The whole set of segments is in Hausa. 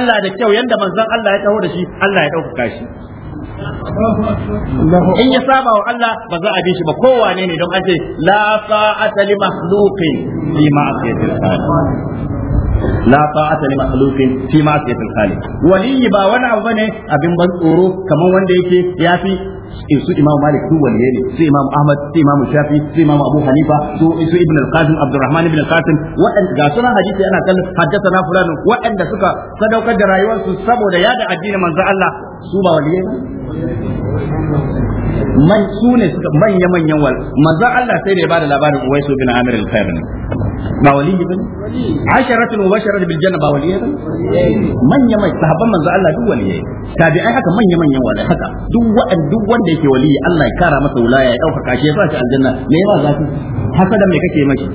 Allah da kyau yanda manzon Allah ya taho da shi Allah ya ɗaukaka shi in ya saba wa Allah ba za a bi shi ba kowane ne don an ce la sa'ata li makhluqin fi ma'siyatil la ta'ata li makhluqin fi ma'siyatil khaliq waliyi ba wani abu ne abin ban tsoro kamar wanda yake yafi su imam malik su waliye ne su imam ahmad su imam shafi su imam abu hanifa su su ibn al-qasim abdurrahman ibn al-qasim waɗanda ga sunan hadisi ana kallon haddathana fulan waɗanda suka sadaukar da rayuwarsu saboda yada addinin manzo Allah su ba waliye ba man su ne manyan wal manzo Allah sai da ya bada labarin Uwaisu bin Amir ba wali بن عشرة مباشرة بالجنة janna ba wali من manya mai من زعل Allah duk تابعي حكا haka manya manyan حكا haka duk wa'an duk wanda yake wali Allah ya kara masa wulaya ya dauka kashi ya sashi aljanna me yawa zaki hasadan me kake mashi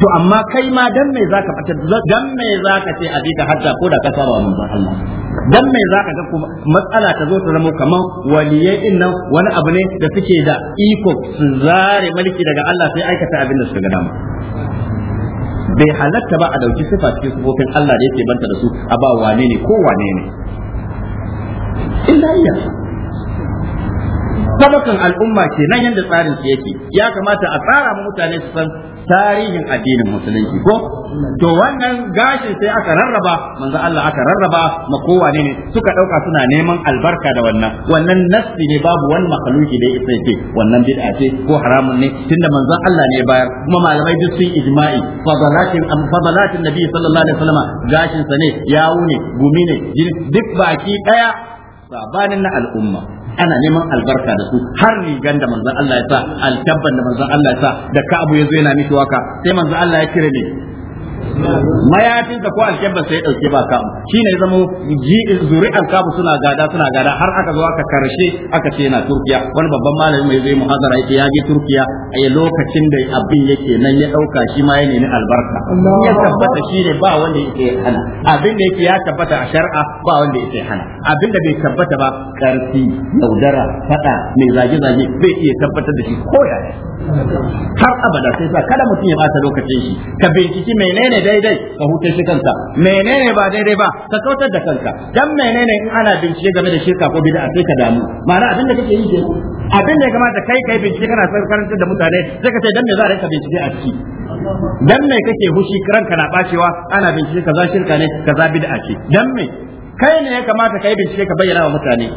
to amma kai ma dan me zaka fata dan a bika dan mai zaka ga kuma matsala ta zo ta zama kamar waliyai din nan wani abu ne da suke da iko su zare mulki daga Allah sai aikata abin da suka ga dama bai halatta ba a dauki sifa cikin sifofin Allah da yake banta da su a ba wane ne ko wane ne illa sabakan al'umma kenan yadda tsarin su yake ya kamata a tsara mutane su san tarihin addinin musulunci ko to wannan gashin sai aka rarraba manzo Allah aka rarraba ma kowane ne suka dauka suna neman albarka da wannan wannan nassi ne babu wani makhluki da yake ce wannan bid'a ce ko haramun ne tunda manzo Allah ne bayar kuma malamai duk sun ijma'i fadalatin am fadalatin nabi sallallahu alaihi wasallam gashin sa ne yawo ne gumi ne duk baki daya sabanin na al'umma ana neman albarka da su har rigan da manzon Allah ya sa alkabban da manzon Allah ya sa da ka'abu yazo yana miki waka sai manzon Allah ya kire ni. mayafin da ko alkebba sai dauke ba kamu shi ne zama zuri'ar kamu suna gada suna gada har aka zo aka karshe aka ce na turkiya wani babban malami mai zai muhazara yake ya je turkiya a lokacin da abin yake nan ya dauka shi ma ya nemi albarka ya tabbata ne ba wanda yake hana abin da yake ya tabbata a shar'a ba wanda yake hana abin da bai tabbata ba karfi yaudara fada mai zage zage bai iya tabbatar da shi ko yaya har abada sai sa kada mutum ya bata lokacin shi ka binciki menene menene daidai ka huce shi kanka menene ba daidai ba ka kautar da kanka dan menene in ana bincike game da shirka ko bid'a sai ka damu ma'ana abin da kake yi ke abin da ya kamata kai kai bincike kana karantar da mutane sai ka ce dan me za a rinka bincike a ciki dan me kake hushi ranka na bacewa ana bincike kaza shirka ne kaza bid'a ce dan me kai ne ya kamata kai bincike ka bayyana wa mutane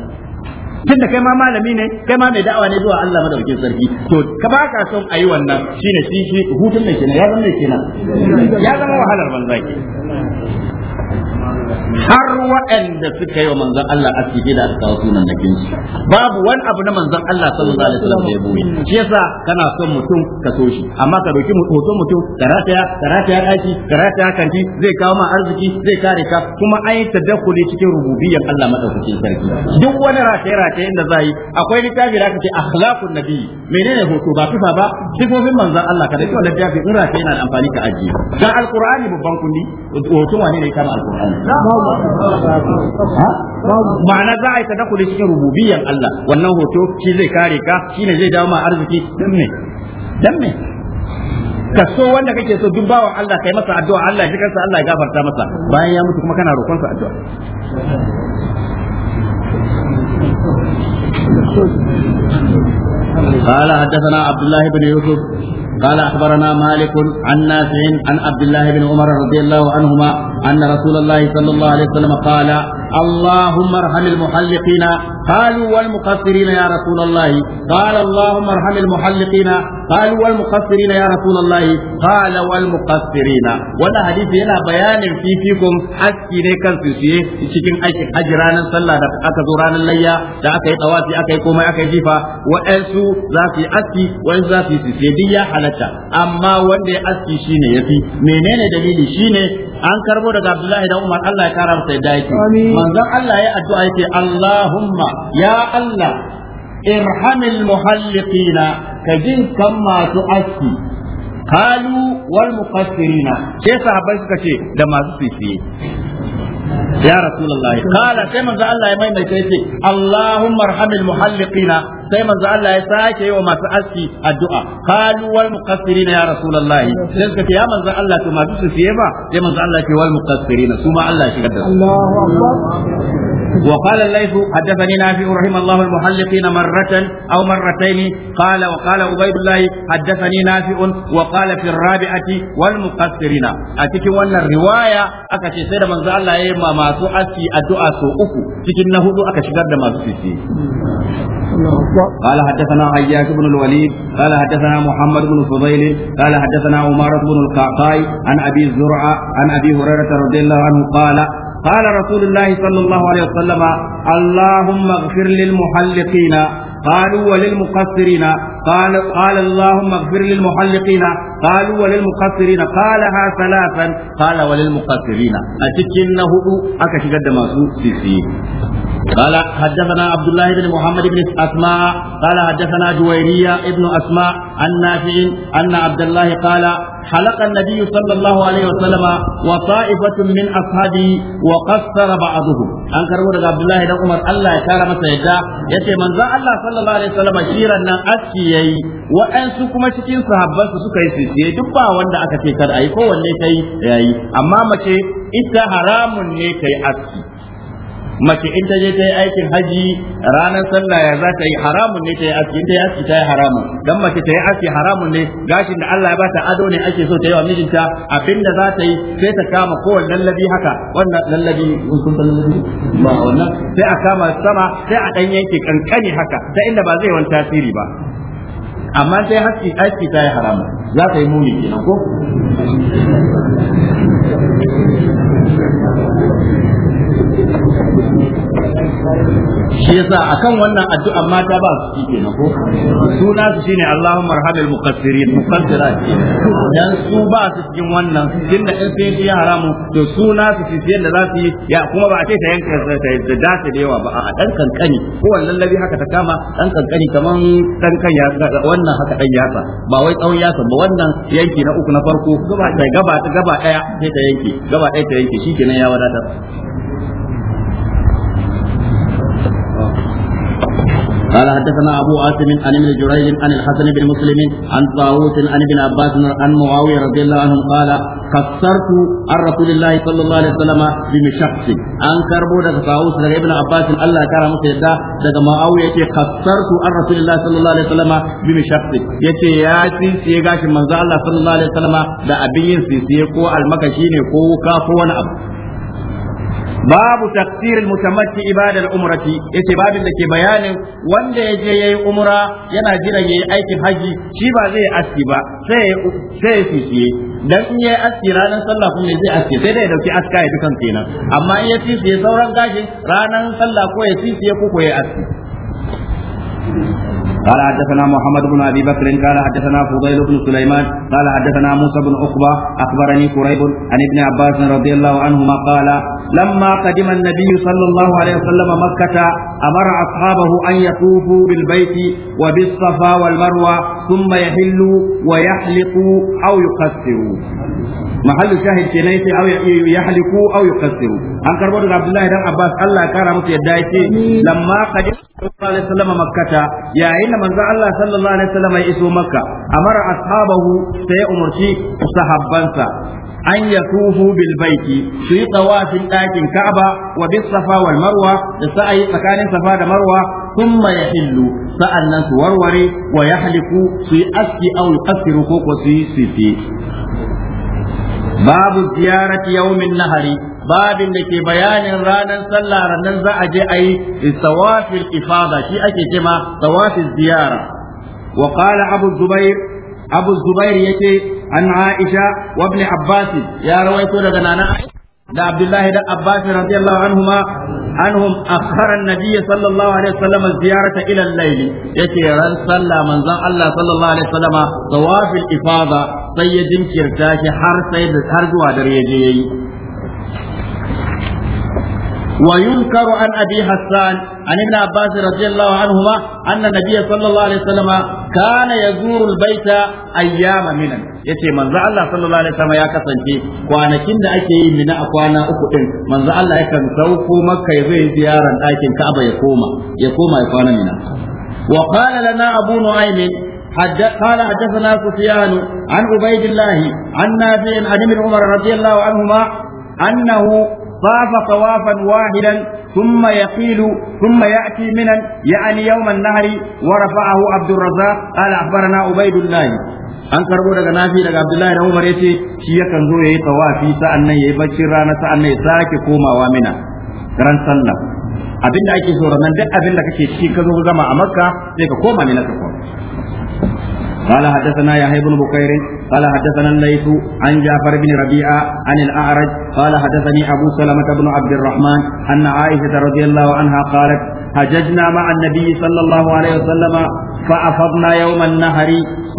tun da kai ma malami ne kai ma mai da'awa ne zuwa Allah madaukakin sarki to ka ba ka son ayi wannan shine shi shi hutun ne kenan ya zama ne kenan ya zama wahalar banzaki har waɗanda suka yi wa manzon Allah asiri da aka sunan da su babu wani abu na manzon Allah sallallahu alaihi wasallam da ya boye shi yasa kana son mutum ka so shi amma ka dauki hoton mutum ka rataya ka rataya daki ka rataya kanti zai kawo ma arziki zai kare ka kuma ai tadakkuli cikin rububiyyar Allah madaukakin sarki duk wani rataye rataye da zai akwai littafi da aka akhlaqun nabi menene hoto ba kifa ba sifofin manzon Allah ka dauki wannan littafi in rataye yana da amfani ka ajiye dan alqur'ani babban kundi hoton wane ne kama alqur'ani ma'ana za a yi da cikin rububiyan Allah wannan hoto shi zai kare ka shi ne zai dawo ma arziki dan me me ka so wanda kake so duk bawan Allah kai masa addu'a Allah ya kansa Allah ya gafarta masa bayan ya mutu kuma kana roƙon sa addu'a قال حدثنا عبد الله بن يوسف قال اخبرنا مالك عن نافع عن عبد الله بن عمر رضي الله عنهما أن رسول الله صلى الله عليه وسلم قال اللهم ارحم المحلقين قالوا والمقصرين يا رسول الله قال اللهم ارحم المحلقين قالوا والمقصرين يا رسول الله قال والمقصرين ولا حديث هنا بيان في فيكم حكي ne kan su cikin aikin haji ranar sallah da aka zo ranar layya da aka yi tawafi aka yi komai aka yi jifa wa'ansu za su yi aski wa'ansu za su yi duk ya halatta amma wanda ya aski shine yafi menene dalili shine an karbo daga Abdullahi da Umar Allah ya kara masa yadda yake manzon Allah ya addu'a yake Allahumma ya Allah irhamil muhalliqina ka jin kan masu aski kalu wal muqassirina sai sahabbai suka ce da masu fifiye ya kala sai manzo Allah ya maimaita yace Allahumma arhamil muhalliqina sai manzo Allah ya sake yi wa masu aski addu'a kalu wal muqassirina ya rasulullahi ya manzo Allah to masu su fiye ba sai manzo Allah ya ce wal muqassirina Allah ya da su وقال الليث حدثني نافع رحم الله المحلقين مرة أو مرتين قال وقال عبيد الله حدثني نافع وقال في الرابعة والمقصرين أتكي وانا الرواية أكشي سيدة من زال الله يما ما سؤسي أدعى سوءكو تكي نهدو أكشي قد ما سوءسي قال حدثنا عياش بن الوليد قال حدثنا محمد بن فضيل قال حدثنا عمارة بن القعقاع عن أبي زرعة عن أبي هريرة رضي الله عنه قال قال رسول الله صلى الله عليه وسلم اللهم اغفر للمحلقين قالوا وللمقصرين قال قال اللهم اغفر للمحلقين قالوا وللمقصرين قالها ثلاثا قال وللمقصرين أتكن هدو أكشي قد ماسو سيسي قال حدثنا عبد الله بن محمد بن أسماء قال حدثنا جويرية ابن أسماء عن نافع أن عبد الله قال حلق النبي صلى الله عليه وسلم وطائفة من أصحابه وقصر بعضهم أن كرمو عبد الله بن عمر الله يكرم سيدا يتي من الله صلى الله عليه وسلم شيرا أسكي yayi waɗansu kuma cikin sahabban su suka yi sisiye duk ba wanda aka ce kada ayi kowanne kai yayi amma mace ita haramun ne kai aski mace in ta je ta yi aikin haji ranar sallah ya za ta yi haramun ne ta yi aski in ta yi aski ta yi haramun dan mace ta yi aski haramun ne gashin da Allah ya bata ado ne ake so ta yi wa mijinta abinda za ta yi sai ta kama kowanne lallabi haka wannan lallabi sun san lallabi ba wannan sai a kama sama sai a dan yanke kankani haka ta inda ba zai wani tasiri ba amma sai haski aski ta yi harama za ka yi muni kenan ko shi yasa akan wannan addu'a mata ba su ci kenan ko suna su shine Allahumma arhamil muqassirin muqassirat dan su ba su cikin wannan da in sai ya haramu to suna su ci da za su yi ya kuma ba a ce ta yanka ta dace da yawa ba a dan kankani ko wannan labi haka ta kama dan kankani kaman dan kan ya wannan haka dan yasa ba wai tsawon yasa ba wannan yanki na uku na farko gaba ta gaba ta gaba daya sai ta yanke gaba daya ta yanke shikenan ya wadatar قال حدثنا أبو عاصم عن ابن جريج عن الحسن بن مسلم عن طاووس عن ابن عباس عن معاوية رضي الله عنه قال قصرت عن رسول الله صلى الله عليه وسلم بمشخص عن كربو دغ طاووس دغ ابن عباس الله كرم سيدا دغ معاوية يتي قصرت عن رسول الله صلى الله عليه وسلم بمشخص يتي يا سيسي غاشي منزل الله صلى الله عليه وسلم da abin yin sisiye ko almakashi ne ko wuka ko wani abu babu tafsir mutamatti ibadar umrati yace babin da ke bayanin wanda ya je yayi umra yana jira yayi aikin haji shi ba zai aski ba sai sai fisiye dan in yayi aski ranar sallah kuma zai aski sai dai ya dauki aska ya dukan kenan amma in ya fisiye sauran gashin ranar sallah ko ya sisi ko ko ya aski قال حدثنا محمد بن ابي بكر قال حدثنا فضيل بن سليمان قال حدثنا موسى بن عقبه اخبرني قريب عن ابن عباس رضي الله عنهما قال لما قدم النبي صلى الله عليه وسلم مكه أمر أصحابه أن يطوفوا بالبيت وبالصفا والمروة ثم يحلوا ويحلقوا أو يقصروا محل شاهد كنيت أو يحلقوا أو يقصروا عن كربون عبد الله بن عباس الله كرم يدايتي لما قدم صلى الله عليه وسلم مكة يا إن من الله صلى الله عليه وسلم يسو مكة أمر أصحابه سيأمر شيء صحبانسا an yatufu bil baiti su yi tawafin ɗakin Ka'aba wa bis Safa wal Marwa da sa'ayi tsakanin Safa da Marwa thumma yahillu sa'annan su warware wa yahliku su yi aski aw yuqassiru ko su yi sifi babu ziyarati yaumin Lahari, babin da ke bayanin ranar sallah ranar za a je a yi tawafil ifada shi ake cema tawafil ziyara وقال abu الزبير abu ya ce an aisha wa ibn abbas ya rawaito daga nana da abdullahi da abbas radiyallahu anhuma anhum akhara an-nabiy sallallahu alaihi wasallam ziyarata ila al-layl yace ran sallah manzon Allah sallallahu alaihi wasallam tawafil ifada sai ya jinkirta shi har sai da har zuwa dare yaje yayi وينكر عن أبي حسان عن ابن عباس رضي الله عنهما أن النبي صلى الله عليه وسلم كان يزور البيت أيام منا yace manzo Allah sallallahu alaihi wasallam ya kasance kwanakin da ake yi mina a kwana uku din manzo Allah yakan sauko makka ya zai ziyaran ɗakin Ka'aba ya koma ya koma ya kwana mina wa qala lana abu nu'aym قال حدثنا سفيان عن عبيد الله عن نافع عن ابن عمر رضي الله عنهما أنه طاف طوافا واحدا ثم يقيل ثم يأتي منا يعني يوم النهر ورفعه عبد الرزاق قال أخبرنا عبيد الله an karbo daga nafi daga abdullahi da umar yace shi yakan zo yayi tawafi sa'annan yayi bacci rana nan ya sake komawa mina ran sallah abinda ake so ranan duk abinda kake ci ka zo zama a makka sai ka koma ne na ka koma قال حدثنا يحيى بن بكير قال حدثنا الليث عن جعفر بن ربيعة عن الأعرج قال حدثني أبو سلمة بن عبد الرحمن أن عائشة رضي الله عنها قالت هججنا مع النبي صلى الله عليه وسلم فأفضنا يوم النهر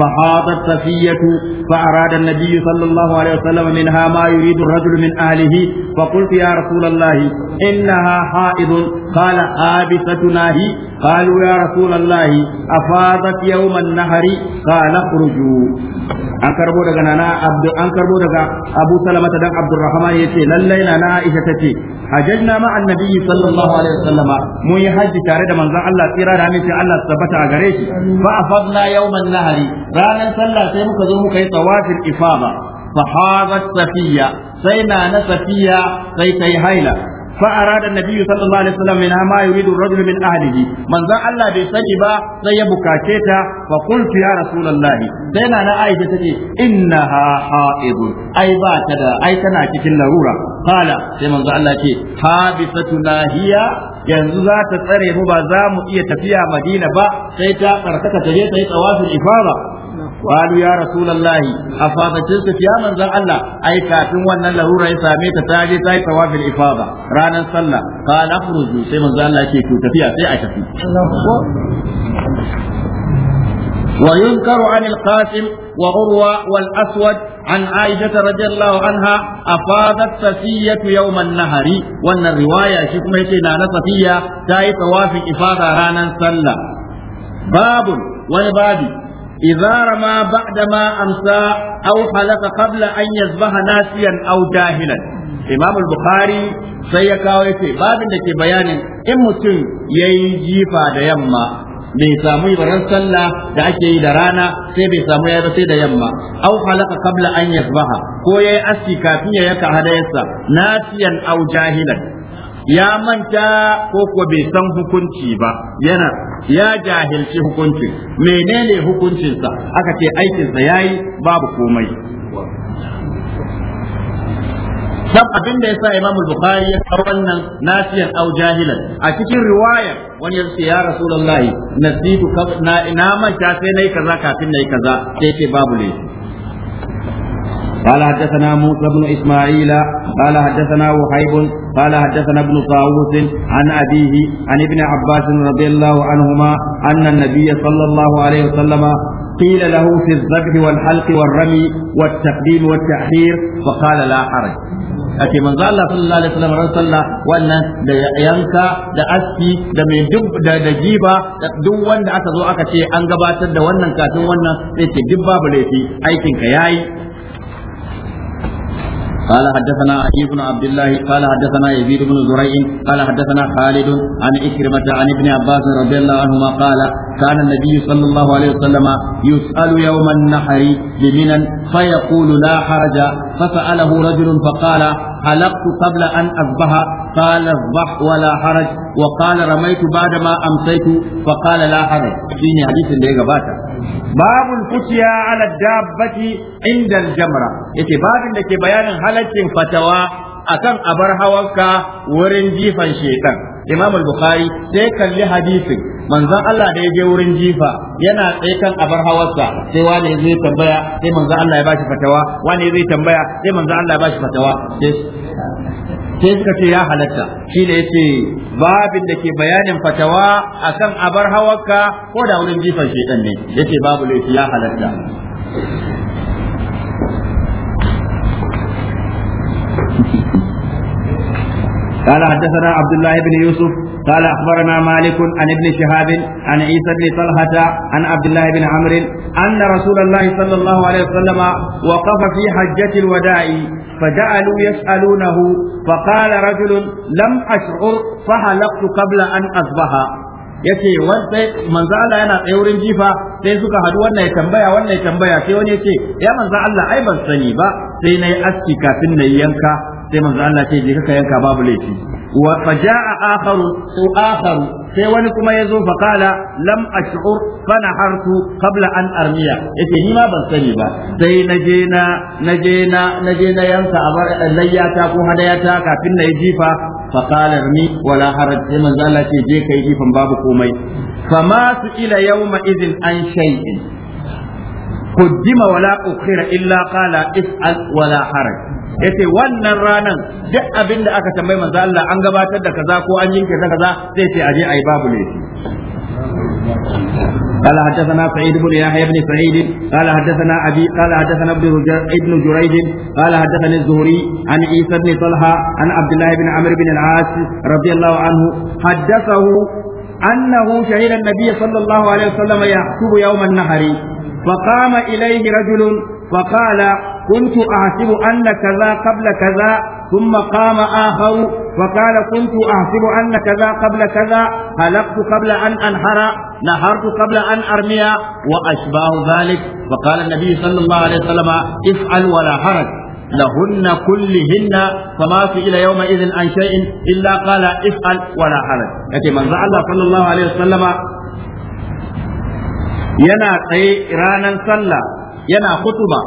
فحاضت صفية فأراد النبي صلى الله عليه وسلم منها ما يريد الرجل من أهله فقلت يا رسول الله إنها حائض قال حابستنا هي قالوا يا رسول الله أفاضت يوم النهر قال اخرجوا karbo daga nana abdu an karbo daga abu salama dan abdurrahman yace lallai nana aisha tace hajjajna ma annabi sallallahu alaihi wasallama mun yi haji tare da manzon Allah tsira da amince Allah tabbata a gare shi fa afadna yawman nahari ranan sallah sai muka zo muka yi tawafil ifada fa hadat safiya sai na na safiya sai ta yi haila fa arada nabiyyu sallallahu alaihi wasallam min ma yuridu ar-rajulu min ahlihi manzo Allah bai sani ba sai ya bukace ta fa qultu ya rasulullahi sai na na Aisha tace innaha haidun ai ba ta da ai tana cikin narura. qala sai manzo Allah ce habisatuna hiya yanzu za ta tsare mu ba za mu iya tafiya Madina ba sai ta tsarkaka ta je ta yi tsawafin ifada Walu ya rasulullahi afadatin su ya manzon Allah ai kafin wannan larura ya same ta ta je ta yi tawafil ifada ranar sallah qala akhruju sai manzon Allah yake to tafiya a tafi ويذكر عن القاسم وعروة والأسود عن عائشة رضي الله عنها أفاضت صفية يوم النهر وأن الرواية شكما يتنا صفية تاي طواف إفاضة رانا صلى باب وبابي إذا رمى بعدما أمسى أو حلف قبل أن يصبح ناسيا أو جاهلا إمام البخاري سيكاو يتي باب لك بيان إمتن يجيفا ديما bai samu ibaran sallah da ake yi da rana sai bai samu ya ba sai da yamma au halaka qabla an yasbaha ko yayi aski kafin ya yaka hadayarsa nasiyan au jahilan ya manta ko ko bai san hukunci ba yana ya jahilci hukunci menene hukuncinsa aka ce aikinsa yayi babu komai dan abin da yasa Imam Bukhari ya kawo wannan nasiyan au jahilan a cikin riwaya wani ya ce ya Rasulullahi nasitu na ina manta sai nayi kaza kafin nayi kaza sai ce babu laifi قال حدثنا موسى بن na قال حدثنا وحيب قال حدثنا ابن طاووس عن أبيه عن ابن عباس رضي الله عنهما أن النبي صلى الله عليه وسلم قيل له في الذبح والحلق والرمي والتقديم والتأخير فقال لا حرج ake manzo Allah sallallahu alaihi wasallam ran sallah wannan da yanka da aski da mai duk da da jiba da duk wanda aka zo aka ce an gabatar da wannan kafin wannan sai ce duk babu laifi aikin ka yayi قال حدثنا علي بن عبد الله قال حدثنا يزيد بن زريع قال حدثنا خالد عن إكرمة عن ابن عباس رضي الله عنهما قال كان النبي صلى الله عليه وسلم يسأل يوم النحر بمنى فيقول لا حرج فسأله رجل فقال خلقت قبل أن أصبح قال اصبح ولا حرج وقال رميت بعدما أمسيت فقال لا حرج شيني حديث اللي باتا باب الفتيا على الدابة عند الجمرة يتي باب اللي بيان حلق فتوى akan abar hawanka wurin jifan shekan imam al-bukhari sai kalli hadisin manzon Allah da ya je wurin jifa yana tsaye kan abar hawarsa sai wani zai tambaya sai manzon Allah ya bashi fatawa wani zai tambaya sai manzon Allah ya bashi fatawa sai suka ce ya halatta shi ne yace babin da ke bayanin fatawa akan abar hawarka ko da wurin jifan shedan ne yace babu laifi ya halatta قال حدثنا عبد الله بن يوسف قال اخبرنا مالك عن ابن شهاب عن عيسى بن طلحه عن عبد الله بن عمرو ان رسول الله صلى الله عليه وسلم وقف في حجه الوداع فجعلوا يسالونه فقال رجل لم اشعر فحلقت قبل ان اصبح yace wanda manzo Allah yana tsaye wurin jifa sai suka hadu wannan ya tambaya wannan ya tambaya sai wani yace ya manzo Allah ai ban sani ba sai nayi aski kafin nayi yanka sai manzo Allah ce je kaka yanka babu laifi wa faja'a akharu su akharu sai wani kuma ya zo fa kala lam ash'ur fa nahartu qabla an armiya yace ni ma ban sani ba sai na je na yanka a bar layyata ko hadayata kafin na yi jifa fa kala rmi wala haraj sai manzo Allah ce je kai jifan babu komai ma su ila yawma idhin an shay'in قدم ولا أخر إلا قال اسأل ولا حرج yace wannan ranan duk abin da aka tambayi manzo Allah an gabatar da kaza ko an yinke kaza sai sai aje ayi babu ne قال حدثنا سعيد بن يحيى بن سعيد قال حدثنا ابي قال حدثنا ابن جريج قال حدثني الزهري عن عيسى بن طلحه عن عبد الله بن عمرو بن العاص رضي الله عنه حدثه انه شهد النبي صلى الله عليه وسلم يحكم يوم النهر فقام إليه رجل فقال كنت أحسب أن كذا قبل كذا ثم قام آخر فقال كنت أحسب أن كذا قبل كذا هلقت قبل أن أنحر نهرت قبل أن أرمي وأشباه ذلك فقال النبي صلى الله عليه وسلم افعل ولا حرج لهن كلهن فما سئل يومئذ عن شيء الا قال افعل ولا حرج لكن من الله صلى الله عليه وسلم yana tsaye ranar sallah yana kutuba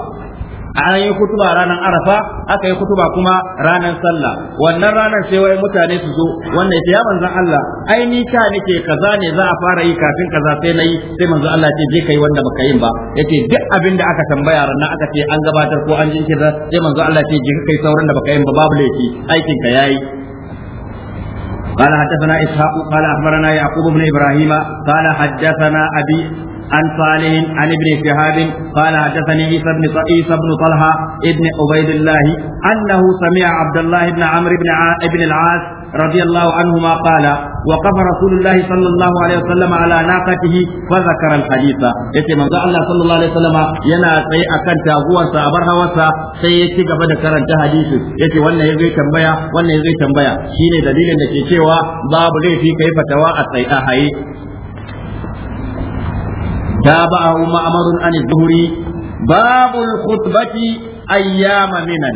an yi kutuba ranar arafa aka yi kutuba kuma ranan sallah wannan ranar sai wai mutane su zo wanda ya ya manzan Allah ai ni ta nake kaza ne za a fara yi kafin kaza sai nayi sai manzo Allah ce je kai wanda baka yin ba yace duk abin da aka tambaya ranar aka ce an gabatar ko an jinkirta sai manzo Allah ce je kai sauran da baka yin ba babu laifi aikin ka yayi قال حدثنا إسحاق قال أخبرنا يعقوب بن إبراهيم قال حدثنا أبي عن صالح عن ابن شهاب قال حدثني عيسى بن عيسى بن طلحه ابن عبيد الله انه سمع عبد الله بن عمرو بن ع... بن العاص رضي الله عنهما قال وقف رسول الله صلى الله عليه وسلم على ناقته فذكر الحديث yace manzo Allah yana tsaye akan taguwarsa a bar hawarsa sai ya ci gaba da karanta hadisi yace wannan ya zai tambaya wannan ya zai tambaya shine dalilin da ke cewa babu laifi kai fatawa a tsaye a haye تابعه معمر عن الزهري باب الخطبة أيام منن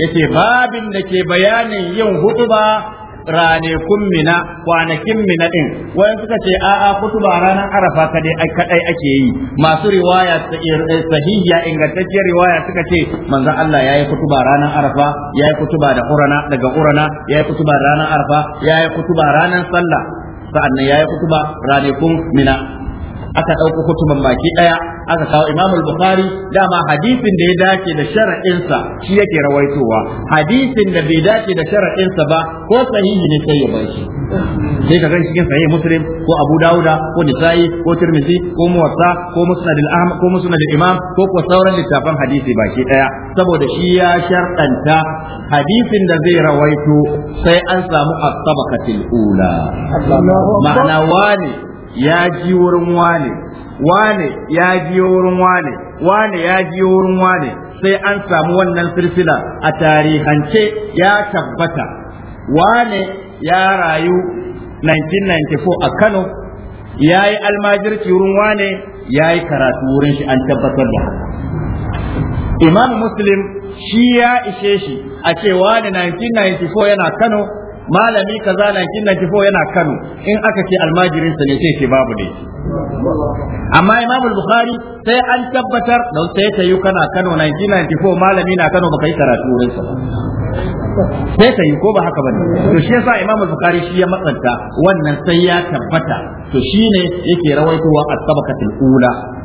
yace babin da ke bayanin yin hutuba ranakun mina kwanakin mina din wayan suka ce a'a kutuba ranar arafa kadai kadai ake yi masu riwaya eh, sahihya ingantacciyar riwaya suka ce manzon Allah yayi kutuba ranar arafa yayi kutuba da urana daga urana yayi kutuba ranar arafa yayi kutuba ranar sallah sa'annan yayi kutuba ranakun mina aka ɗauko kutuban baki ɗaya aka kawo imam al-bukhari dama hadisin da ya dace da sa shi yake rawaitowa hadisin da bai dace da sa ba ko sahihi ne sai ya bar shi sai ka cikin sahihi muslim ko abu dauda ko nisa'i ko tirmidhi ko muwatta ko musnad al-ahmad ko musnad al-imam ko ko sauran littafan hadisi baki ɗaya saboda shi ya sharɗanta hadisin da zai rawaito sai an samu as-sabaqatil ula ma'ana wani ya ji wurin wane wane ya ji wurin wane wane ya ji wurin wane sai an samu wannan silsila a tarihance ya tabbata wane ya rayu 1994 a Kano ya yi almajirci wurin wane ya yi karatu wurin shi an tabbatar da haka imam muslim shi ya ishe shi a ce wane 1994 yana Kano malami kaza na kinna kifo yana Kano in aka ce almajirin sa ne sai ce babu ne amma Imam Bukhari sai an tabbatar da sai ta yi kana Kano 1994 malami na Kano baka yi karatu wurin sa sai ta yi ko ba haka bane to shi yasa Imam Bukhari shi ya matsanta wannan sai ya tabbata to shine yake rawaitowa a tabaqatul ula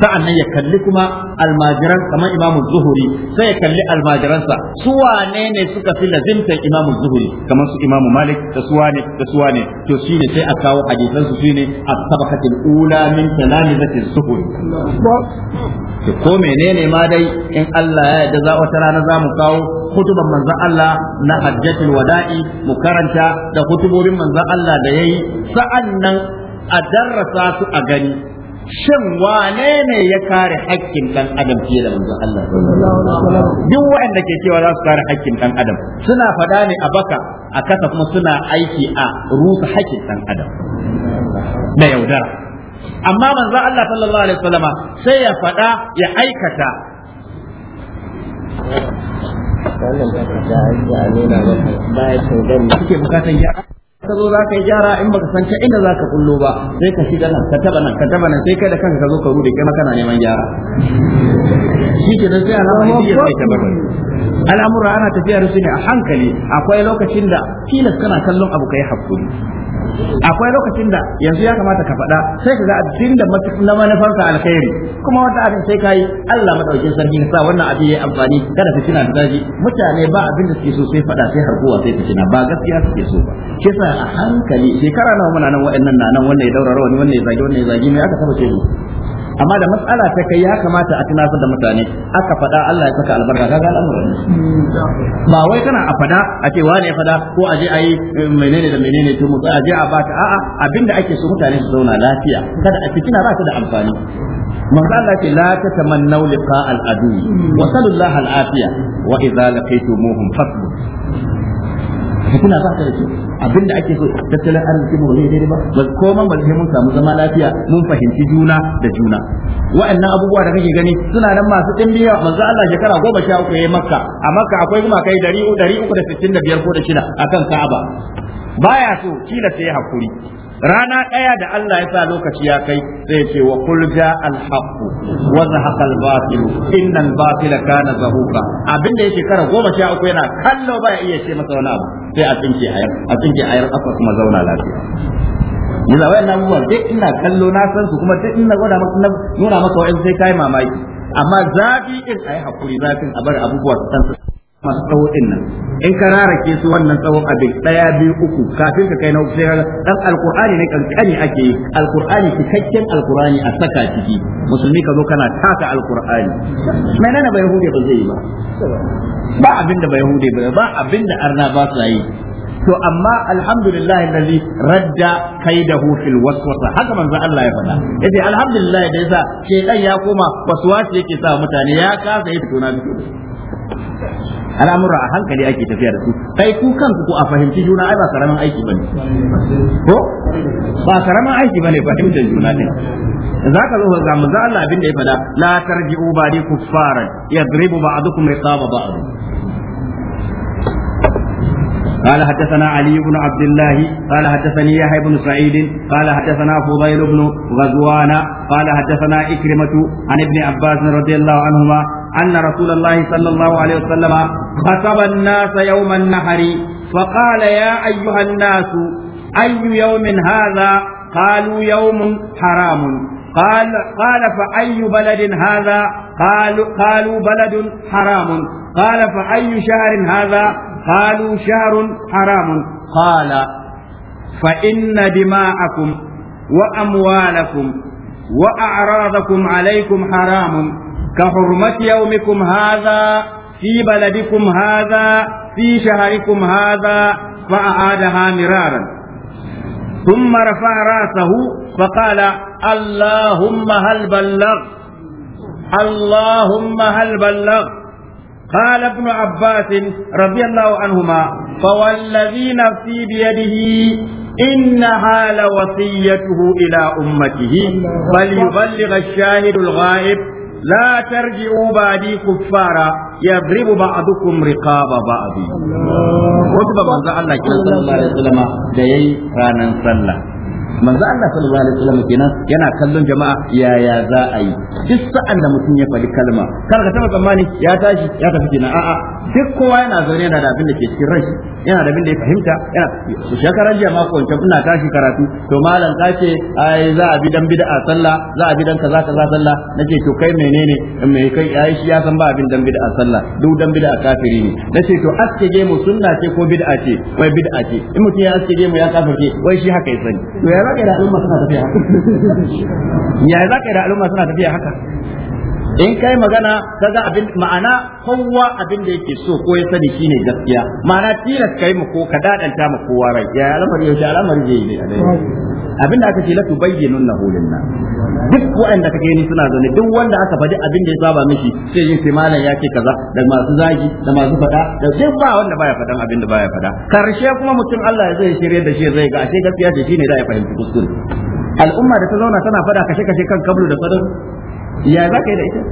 sa'annan ya kalli kuma almajiran kamar imamu zuhuri sai ya kalli almajiransa su wane ne suka fi lazimtar imamu zuhuri kamar su imamu malik da su wane da su wane to shine sai a kawo hadisan su shine as-sabaqatul ula min talamizati zuhuri to ko menene ma dai in Allah ya yarda za wata rana za mu kawo hutuban manzon Allah na hajjatul wada'i mu karanta da hutubobin manzon Allah da yayi sa'annan a darrasa su a gani shin wane ne ya kare haƙƙin dan adam fiye da manzon Allah duk waɗanda ke cewa za su kare haƙƙin dan adam suna fada ne a baka a kasa kuma suna aiki a rusa haƙƙin dan adam da yaudara amma manzon Allah sallallahu alaihi wasallama sai ya fada ya aikata wannan da ta nuna maka baya tsoron da suke bukatan ya ka zo za ka yi gyara in baka san ta inda za ka kullo ba sai ka shiga nan ka taba nan ka taba nan sai kai da kanka ka zo ka rude kai kana neman gyara shi ke da sai al'amari ya sai ta al'amura ana tafiya da su ne a hankali akwai lokacin da tilas kana kallon abu kai hakuri akwai lokacin da yanzu ya kamata ka faɗa sai ka ga abin da na manufarsa alkhairi kuma wata abin sai ka yi Allah madaukin sarki na sa wannan abin yayi amfani kada ka tuna da daji mutane ba abin da suke so sai faɗa sai harkuwa sai fitina ba gaskiya suke so ba kisa a hankali shekara nawa muna nan na nan wannan ya daura rawani wannan ya zagi wannan ya zagi me aka saba ce amma da matsala ta kai ya kamata a tunasar da mutane aka Allah ya saka albarka kaga al'amuran ba wai kana a faɗa a ce ya ko a je a yi eh, menene da menene to mu a je a baka a'a abinda ake so mutane su zauna lafiya kada a fitina ba ta da amfani manzo Allah ce la tatamannaw liqa al-adu wa sallallahu al-afiya wa idza fasbu kuna ba ta da shi abinda ake so tattalin arziki mu ne daidai ba ba koma ba mun samu zama lafiya mun fahimci juna da juna wa'annan abubuwa da kake gani suna nan masu dimbiya manzo Allah shekara goma sha uku makka a makka akwai kuma kai dari uku da sittin da biyar ko da shida akan ka'aba baya so kila sai hakuri rana ɗaya da Allah ya sa lokaci ya kai sai ce wa kul ja al-haqq wa zahaqa al-batil inna al-batil kana zahuqa abinda yake kara goma sha uku yana kallo ba ya iya ce masa wani abu sai a tsinke ayar a tsinke ayar aka kuma zauna lafiya da wannan abubuwan duk ina kallo na san su kuma duk ina gwada maka nuna maka wa'in sai kai mamaki amma zafi din ai hakuri zafin a bar abubuwa su san su masu tsawo din nan in ka rarake su wannan tsawon abin daya biyu uku kafin ka kai na uku sai kaga dan alqur'ani ne kan kankani ake yi alqur'ani cikakken alqur'ani a saka ciki musulmi ka zo kana taka alqur'ani menene ba yahudi ba zai yi ba ba abin da ba yahudi ba ba abin da arna ba su yi to amma alhamdulillah allazi radda kaidahu fil waswasa haka manzo Allah ya faɗa yace alhamdulillah da yasa shedan ya koma waswasi yake sa mutane ya kasa yi tuna al'amura a hankali ake tafiya da su kai ku kanku ku a fahimci juna ai ba karaman aiki bane ko ba karaman aiki bane fahimtar juna ne ka zo ga manzo Allah abin da ya fada la tarji'u ba ba'di kuffaran yadribu ba'dukum riqaba ba'd قال حدثنا علي بن عبد الله قال حدثني يحيى بن سعيد قال حدثنا فضيل بن غزوان قال حدثنا إكرمة عن ابن عباس رضي الله عنهما أن رسول الله صلى الله عليه وسلم خطب الناس يوم النحر فقال يا أيها الناس أي يوم هذا قالوا يوم حرام قال قال فأي بلد هذا قالوا قالوا بلد حرام قال فأي شهر هذا قالوا شهر حرام قال فإن دماءكم وأموالكم وأعراضكم عليكم حرام كحرمة يومكم هذا في بلدكم هذا في شهركم هذا فأعادها مرارا ثم رفع رأسه فقال اللهم هل بلغ اللهم هل بلغ قال ابن عباس رضي الله عنهما فوالذي نفسي بيده إنها لوصيته إلى أمته فليبلغ الشاهد الغائب la tarji'u ba'di kuffara yadribu ba'dukum riqaba ba'di wasu ba manzo Allah kira sallallahu alaihi wasallam da yayi ranar sallah manzo Allah sallallahu alaihi wasallam kenan yana kallon jama'a yaya za a yi duk sa'an da mutum ya fadi kalma kar ka taba tsammani ya tashi ya tafi kenan a'a duk kowa yana zaune yana da abin da ke cikin rai yana da abin da ya fahimta yana shekaran jiya ko wancan ina tashi karatu to malam ka ce ai za a bi dan bid'a sallah za a bi dan kaza kaza sallah nace to kai menene me kai yayi shi ya san ba abin dan bid'a sallah duk dan bid'a kafiri ne nace to aske gemu sunna ce ko bid'a ce wai bid'a ce in mutum ya aske gemu ya kafirce wai shi haka ya sani to ya zaka da al'umma da al'umma suna tafiya haka in kai magana ga abin ma'ana kowa abin da yake so ko ya sani shi ne gaskiya ma'ana tilas kai mu ko ka dadanta mu kowa rai ya al'amari ya al'amari zai ne abin da aka ce latu bayyinun na hulinna duk waɗanda kake ni suna zaune duk wanda aka faɗi abin da ya saba mishi sai yin sai malam ya ce kaza da masu zagi da masu faɗa da duk ba wanda baya faɗan abin da baya faɗa karshe kuma mutum Allah zai shirye da shi zai ga ashe gaskiya ce ne da ya fahimci kuskure al'umma da ta zauna tana faɗa kashe kashe kan kablu da sadar ya za ka yi da ita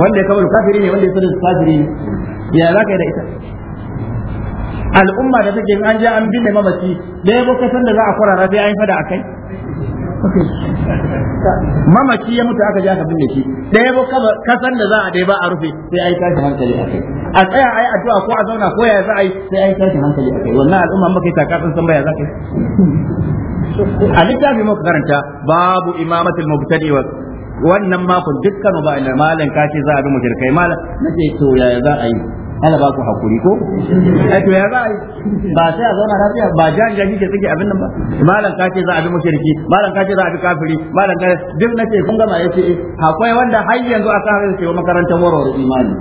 wanda ya kama kafiri ne wanda ya sanin kafiri ne ya za ka yi da ita al'umma da take an je an binne mamaci da ya kasan da za a kwarara sai an fada kai. mamaci ya mutu aka je aka binne shi da ya kasan da za a dai ba a rufe sai yi tashi hankali kai. a tsaya yi addu'a ko a zauna ko ya za a yi sai yi tashi hankali kai wannan al'umma maka yi takatsun san baya za ka a littafi muka karanta babu imamatul mubtadi wa wannan makon dukkan ba ina malam ka ce za a bi mushrikai Na nace to yaya za a yi Allah ba ku hakuri ko eh to ya za a yi ba sai a zauna rafiya ba jan jan kike suke abin nan ba Malam ka ce za a bi mushriki malan ka ce za a bi kafiri malam ka duk nace kun gama yace akwai wanda har yanzu a aka haɗa cewa makarantar warware imani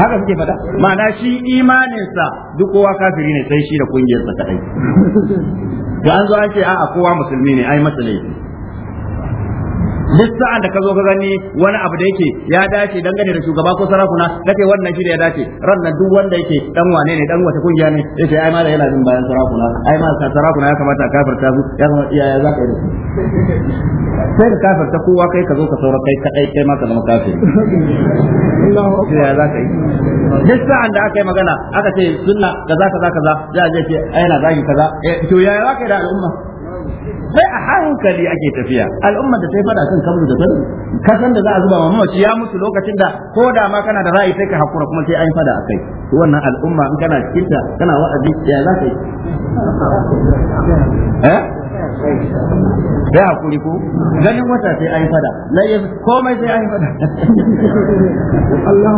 haka suke fada ma'ana shi imaninsa duk kowa kafiri ne sai shi da kungiyarsa kadai to an zo an ce a'a kowa musulmi ne ai masa laifi duk sa'an da ka zo ka gani wani abu da yake ya dace dangane da shugaba ko sarakuna kace wannan shi da ya dace rannan duk wanda yake dan wane ne dan wata kungiya ne yace ai ma da yana jin bayan sarakuna ai ma sarakuna ya kamata ka kafirta su ya kamata iyaye za ka yi sai ka kafirta kowa kai ka zo ka saura kai kadai kai ma ka zama kafir Allahu akbar za ka yi duk sa'an da aka yi magana aka ce sunna kaza kaza kaza za a je ce ai na zagi kaza eh, to yaya za ka yi da al'umma sai a hankali ake tafiya al'umma da sai fada kan kabru da kan kasan da za a zuba wa mamaci ya mutu lokacin da ko da ma kana da ra'ayi sai ka hakura kuma sai an fada akai to wannan al'umma in kana cikin ta kana wa'azi ya za ka yi eh sai hakuri ko ganin wata sai an fada lai komai sai an fada Allah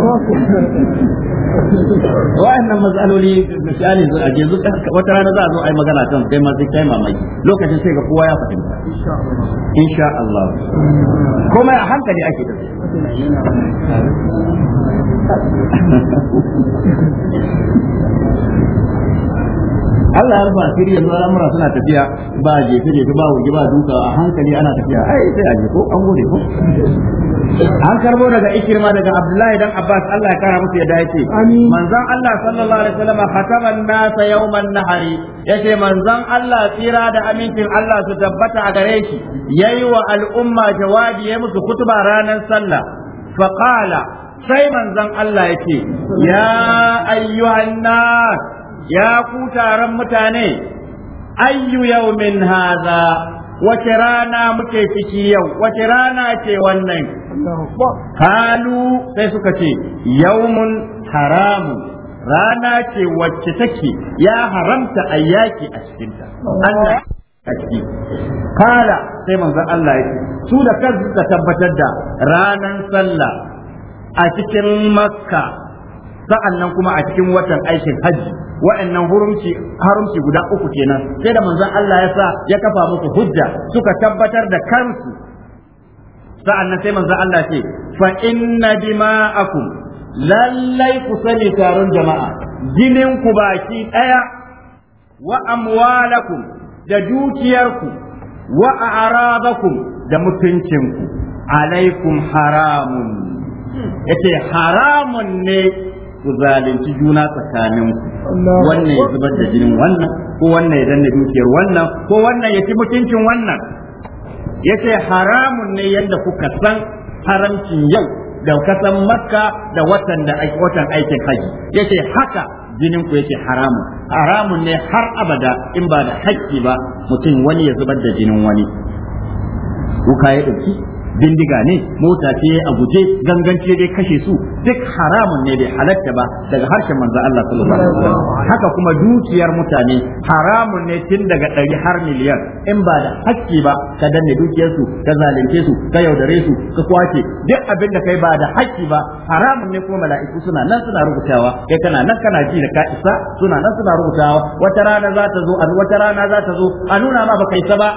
wa'annan matsaloli misali yanzu wata rana za a zo a yi magana kan sai ma sai kai mamaki lokacin sai ga kowa ya fahimta insha Allah komai a hankali ake da Allah ya rufa asiri yanzu al'amura suna tafiya ba jefe jefe ba wuge ba duka a hankali ana tafiya ai sai a ko an gode ko an karbo daga ikirma daga Abdullahi dan Abbas Allah ya kara musu ya dace. manzon Allah sallallahu alaihi wasallam khataman nas yawman nahari yace manzon Allah tsira da amincin Allah su tabbata a gare shi yayi wa al'umma jawabi ya musu kutuba ranar sallah faqala sai manzon Allah yake ya ayyuhan nas ya ku taron mutane ayyu yawmin haza, wace rana muke ciki yau wace rana ce wannan kalu sai suka ce yawmun haramu rana ce wacce take ya haramta ayyaki a cikinta Allah kala sai manzon Allah ya su da kansu suka tabbatar da ranan sallah a cikin makka sa'annan kuma a cikin watan aikin hajji wa'annan hurumci harumci guda uku kenan sai da manzon Allah ya sa ya kafa musu hujja suka tabbatar da kansu sa'annan sai manzon Allah ce fa inna dima'akum lallai ku sani taron jama'a jinin ku baki daya wa amwalakum da dukiyarku wa a'rabakum da mutuncinku alaikum haramun yace haramun ne ku zalunci juna tsakanin ku wannan ya zubar da jinin wannan ko wannan ya danna dukiyar wannan ko wannan ya ci mutuncin wannan yace haramun ne yadda kuka san haramcin yau da kasan makka da watan da watan aikin haji yace haka jinin ku yake haramun haramun ne har abada in ba da haƙƙi ba mutum wani ya zubar da jinin wani Ku ya ɗauki bindiga ne mota ce a guje ganganci dai kashe su duk haramun ne bai halatta ba daga harshen manzo Allah sallallahu alaihi wasallam haka kuma dukiyar mutane haramun ne tun daga ɗari har miliyan in ba da hakki ba ka danne dukiyar su ka zalunce su ka yaudare su ka kwace duk abin da kai ba da hakki ba haramun ne kuma mala'iku suna nan suna rubutawa kai kana nan kana ji da ka isa suna nan suna rubutawa wata rana za ta zo wata rana za ta zo a nuna ma baka isa ba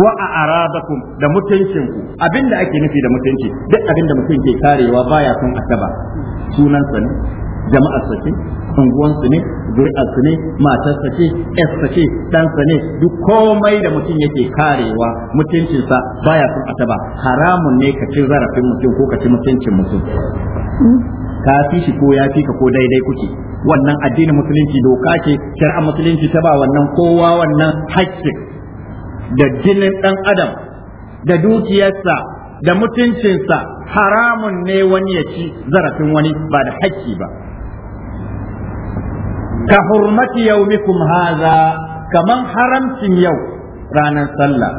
wa arabakum da mutuncin ku abinda ake nufi da mutunci duk abinda mutum ke karewa baya son asaba sunan sa ne jama'ar sa ce unguwan su ne zuri'ar su ne matar sa ce ƴar sa ce dan sa ne duk komai da mutum yake karewa mutuncin sa baya son asaba haramun ne ka ci zarafin mutum ko ka ci mutuncin mutum ka fi shi ko ya fi ka ko daidai kuke wannan addinin musulunci doka ce shari'ar musulunci ta ba wannan kowa wannan haƙƙin da jinin ɗan adam da dukiyarsa da mutuncinsa haramun ne wani ya ci zarafin wani ba da haƙƙi ba ka hurmati mikum haza kaman haramcin yau ranar sallah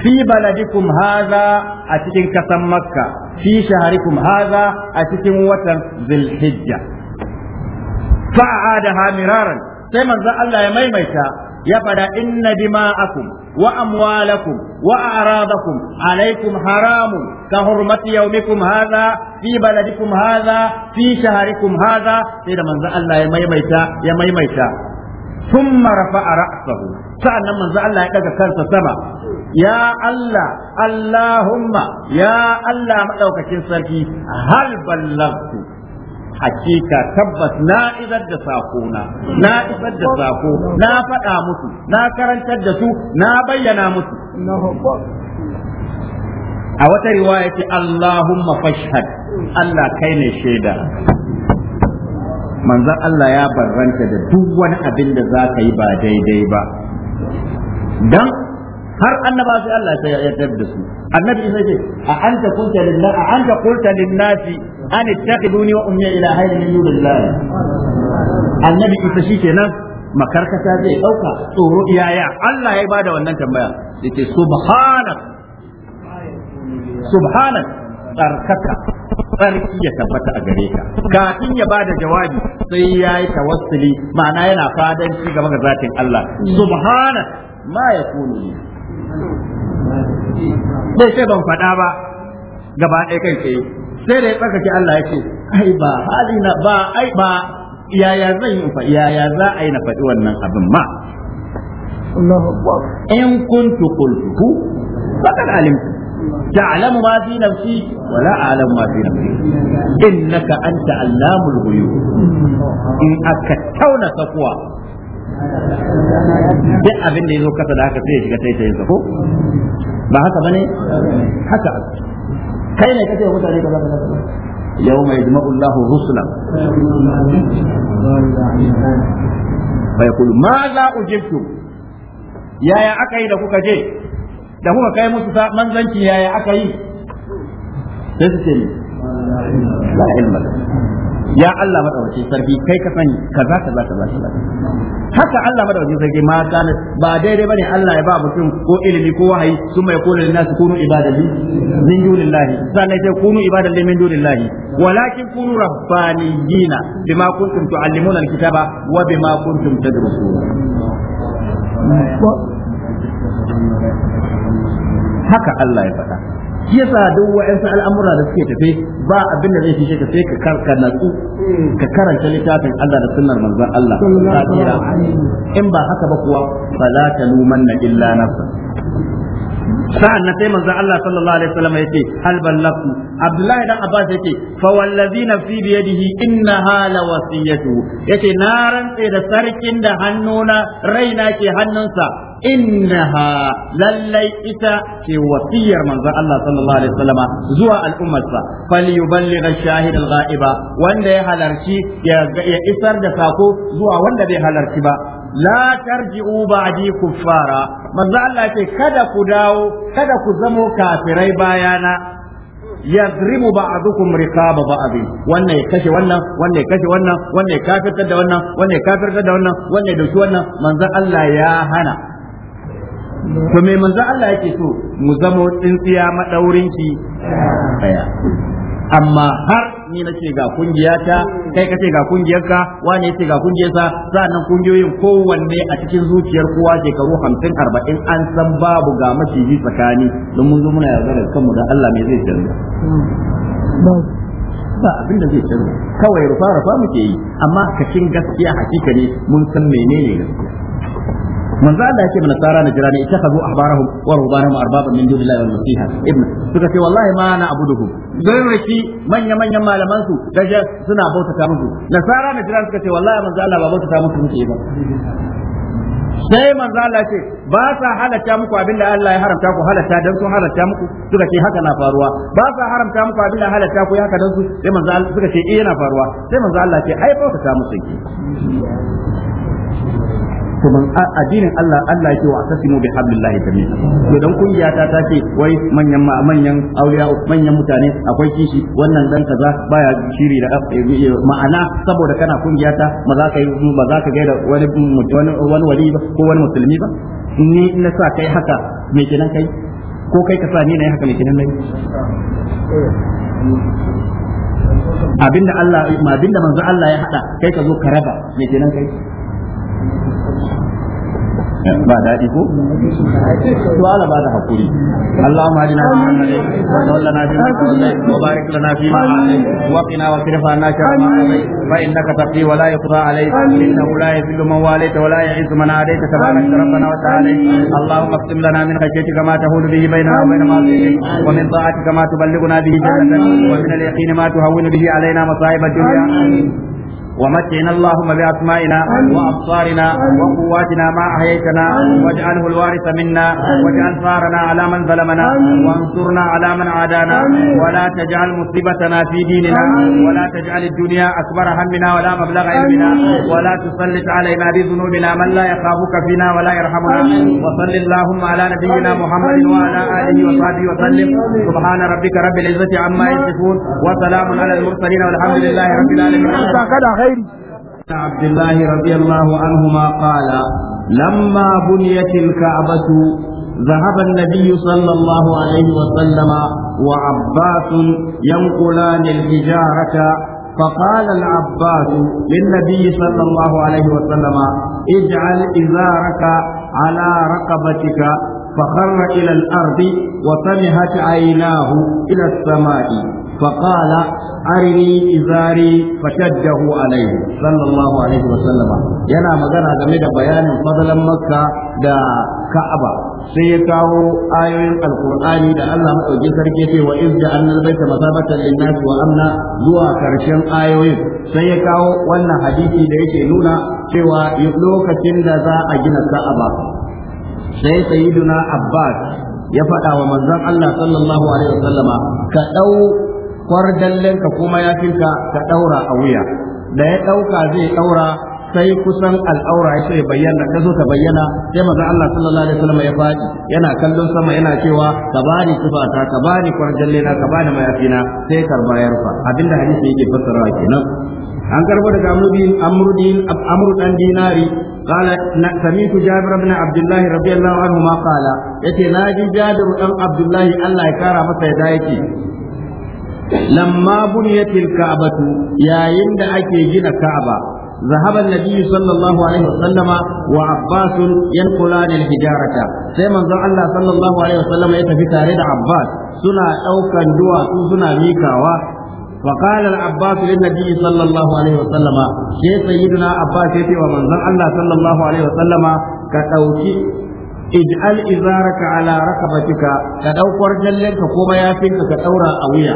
fi baladikum haza a cikin kasan makka fi shaharikum haza a cikin watan zilhijja da miraran sai manzo Allah ya maimaita ya fada inna dima'akum wa amwalakum wa a'radakum alaikum haramun ka hurmati yaumikum hadha fi baladikum hadha fi shaharikum hadha sai da manzo Allah ya maimaita ya maimaita ثم رفع رأسه سألنا من زعل الله يدك كرس سما يا الله اللهم يا الله مدوك كنسركي هل بلغت hakika tabbas na idar da sakona na isar da sako na faɗa musu na karantar da su na bayyana musu a wata riwaya ce Allahumma fashhad Allah kai ne shaida manzon Allah ya barranta da duk wani abin da za ka yi ba daidai ba dan har annaba sai Allah ya da su annabi isa ce a anta kunta lillahi a anta qulta lin-nasi an ittakhiduni wa ummi ilahayn min dunillahi annabi isa shikenan makarkata zai dauka tsoro yaya Allah ya bada wannan tambaya yace subhanak subhanak tsarkaka tsarki ya tabbata a gare ka kafin ya bada jawabi sai ya yi tawassuli ma'ana yana fadanci gaba ga zatin Allah subhanak ma yakunu bai sai ban faɗa ba gaba ɗaya kai tsaye sai da ya tsakaki Allah ya ce ai ba hali na ba ai ba yaya zai yi yaya za a yi na faɗi wannan abin ma in kuntu kultu fakar alimtu ta'lamu ma fi nafsi wa la a'lamu ma fi nafsi innaka anta allamul ghuyub hmm. in aka tauna sakuwa duk abin da ya zo kasa da haka sai ya shiga sai ta yi ko ba haka bane haka kai ne kace mutane ka yau mai kaza Allah يوم bai الله ma za ماذا أجبتم yaya aka yi da kuka je da kuka kai musu manzanci yaya aka yi sai su ce la ilma ya Allah madawacin sarki kai ka sani kaza kaza kaza kaza haka Allah madawacin sarki ma kana ba daidai bane Allah ya ba mutum ko ilimi ko wahayi sun mai kula lin nasu kunu ibadalli min dunillahi sannan sai kunu ibadalli min dunillahi walakin kunu rabbaniyina bima kuntum tuallimuna alkitaba wa bima kuntum tadrusuna haka Allah ya faɗa shi yasa duk wa'ansu al'amura da suke tafe ba abin da zai fishe ka sai ka karka natsu ka karanta littafin Allah da sunnar manzon Allah in ba haka ba kuwa fala na illa nafsa sa'an nan sai manzon Allah sallallahu alaihi wasallam yace hal ballaqtu Abdullahi dan Abbas yace fa wallazi nafsi bi yadihi innaha la wasiyatu yace na rantse da sarkin da hannuna raina ke hannunsa innaha lallai ita ke wasiyar manzon Allah sallallahu zuwa al'ummarsa falyuballigh ash-shahid al-ghaiba wanda ya halarci ya isar da sako zuwa wanda bai halarci ba la tarji'u ba'di kuffara manzo Allah ce kada ku dawo kada ku zamo kafirai bayana yadribu ba'dukum riqaba ba'd wannan ya kashe wannan wannan ya kashe wannan wannan ya kafirtar da wannan wannan ya kafirtar da wannan wannan ya dauki wannan manzo Allah ya hana to me manzo Allah yake so mu zamo tsintsiya madaurinki daya amma har ni nace ga kungiyata kai kace ga kungiyarka wani yace ga kungiyarsa sa'annan kungiyoyin kowanne a cikin zuciyar kowa shekaru 50 arba'in an san babu ga maciji tsakani don mun zo muna yarda kanmu da Allah me zai canza ba abin da zai canza kawai rufa rufa muke yi amma kacin gaskiya hakika ne mun san menene gaskiya manzo Allah yake mana tsara najirani ittakhadhu ahbarahum wa rubbanahum arbaban min dunillahi wal masiha ibn suka ce wallahi ma manya manyan malaman su gaje suna bautata musu nasara najirani suka ce wallahi manzo Allah ba bautata ba sai manzo Allah ce ba sa halatta muku abin da Allah ya haramta ku halatta dan sun halatta muku suka ce haka na faruwa ba sa haramta muku abin da halatta ku haka dan su sai manzo Allah suka ce eh yana faruwa sai manzo Allah ce ai bauta ta musu to ban addinin Allah Allah yake wa akasimu bi hablillahi jami'a to dan kungiya ta ta ce wai manyan manyan auliya manyan mutane akwai kishi wannan dan kaza baya shiri da eh, ma'ana saboda kana kungiya ta ba za ka yi ba za ka gaida wani wani wali ba ko wani musulmi ba ni na sa kai haka me kenan kai ko kai ka sa ni na yi haka me kenan nayi abinda Allah abinda manzo Allah ya hada kai ka zo ka raba me kenan kai ba daɗi ko to ba da fi wa barik fi wa wa wa min bihi wa wa min bihi wa min al-yaqini ma tuhawwinu bihi ومتعنا اللهم بأسمائنا وأبصارنا وقواتنا ما أحييتنا واجعله الوارث منا واجعل ثارنا على من ظلمنا وانصرنا على من عادانا ولا تجعل مصيبتنا في ديننا ولا تجعل الدنيا أكبر همنا ولا مبلغ علمنا ولا تسلط علينا بذنوبنا من لا يخافك فينا ولا يرحمنا وصل اللهم على نبينا محمد وعلى آله وصحبه وسلم سبحان ربك رب العزة عما يصفون وسلام على المرسلين والحمد لله رب العالمين الخير عبد الله رضي الله عنهما قال لما بنيت الكعبة ذهب النبي صلى الله عليه وسلم وعباس ينقلان الحجارة فقال العباس للنبي صلى الله عليه وسلم اجعل إزارك على رقبتك فخر إلى الأرض وسمحت عيناه إلى السماء فقال arini izari fashaddahu alaihi sallallahu alaihi wa sallama yana magana game da bayanin fadalan makka da ka'aba sai ya kawo ayoyin alkur'ani da Allah madauki sarki ce wa izda annal baita masabatan linnas wa amna zuwa karshen ayoyin sai ya kawo wannan hadisi da yake nuna cewa lokacin da za a gina ka'aba sai sayyiduna abbas ya faɗa wa manzon Allah sallallahu alaihi wa sallama ka dau kwardallen ka kuma ya finka ka daura a wuya da ya dauka zai daura sai kusan al'aura ya sai bayyana ka zo ta bayyana sai manzo Allah sallallahu alaihi wasallam ya faɗi yana kallon sama yana cewa ka bani tufata ka bani kwarjalle na ka bani mayafina sai karba ya rufa abinda hadisi yake fassarawa kenan an karbo daga amrudin amrudin amrudan dinari قال سمعت جابر بن عبد الله رضي الله عنهما قال يتي ناجي جابر بن عبد الله الله يكرمه سيدايتي lamma buniyatil ka'batu yayin da ake gina ka'aba ذهب النبي صلى الله عليه وسلم وعباس ينقلان الحجارة سيما الله صلى الله عليه وسلم يتفي تاريد عباس سنة أو كان دوا سنة ميكاوا فقال العباس للنبي صلى الله عليه وسلم شيء سيدنا عباس يتي ومن الله صلى الله عليه وسلم كتوكي ij'al izaraka ala rakabatika ka daukar jallenka ko mayafinka ka daura a wuya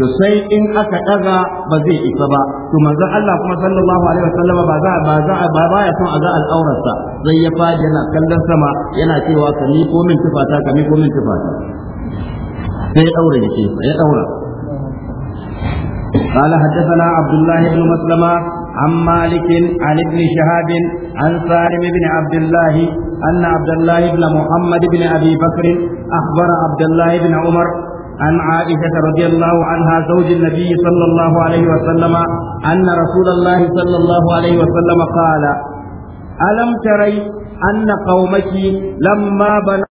to sai in aka ɗaga ba zai isa ba to manzon Allah kuma sallallahu alaihi wasallam ba za ba za ba baya son a ga al'aurarsa zai ya faɗi yana kallon sama yana cewa ka ni ko min tufata ka ni ko min tufata sai ya daura yake ya daura قال حدثنا عبد الله بن مسلمة عن مالك عن ابن شهاب عن سالم بن عبد الله أن عبد الله بن محمد بن أبي بكر أخبر عبد الله بن عمر عن عائشة رضي الله عنها زوج النبي صلى الله عليه وسلم أن رسول الله صلى الله عليه وسلم قال ألم تري أن قومك لما بنى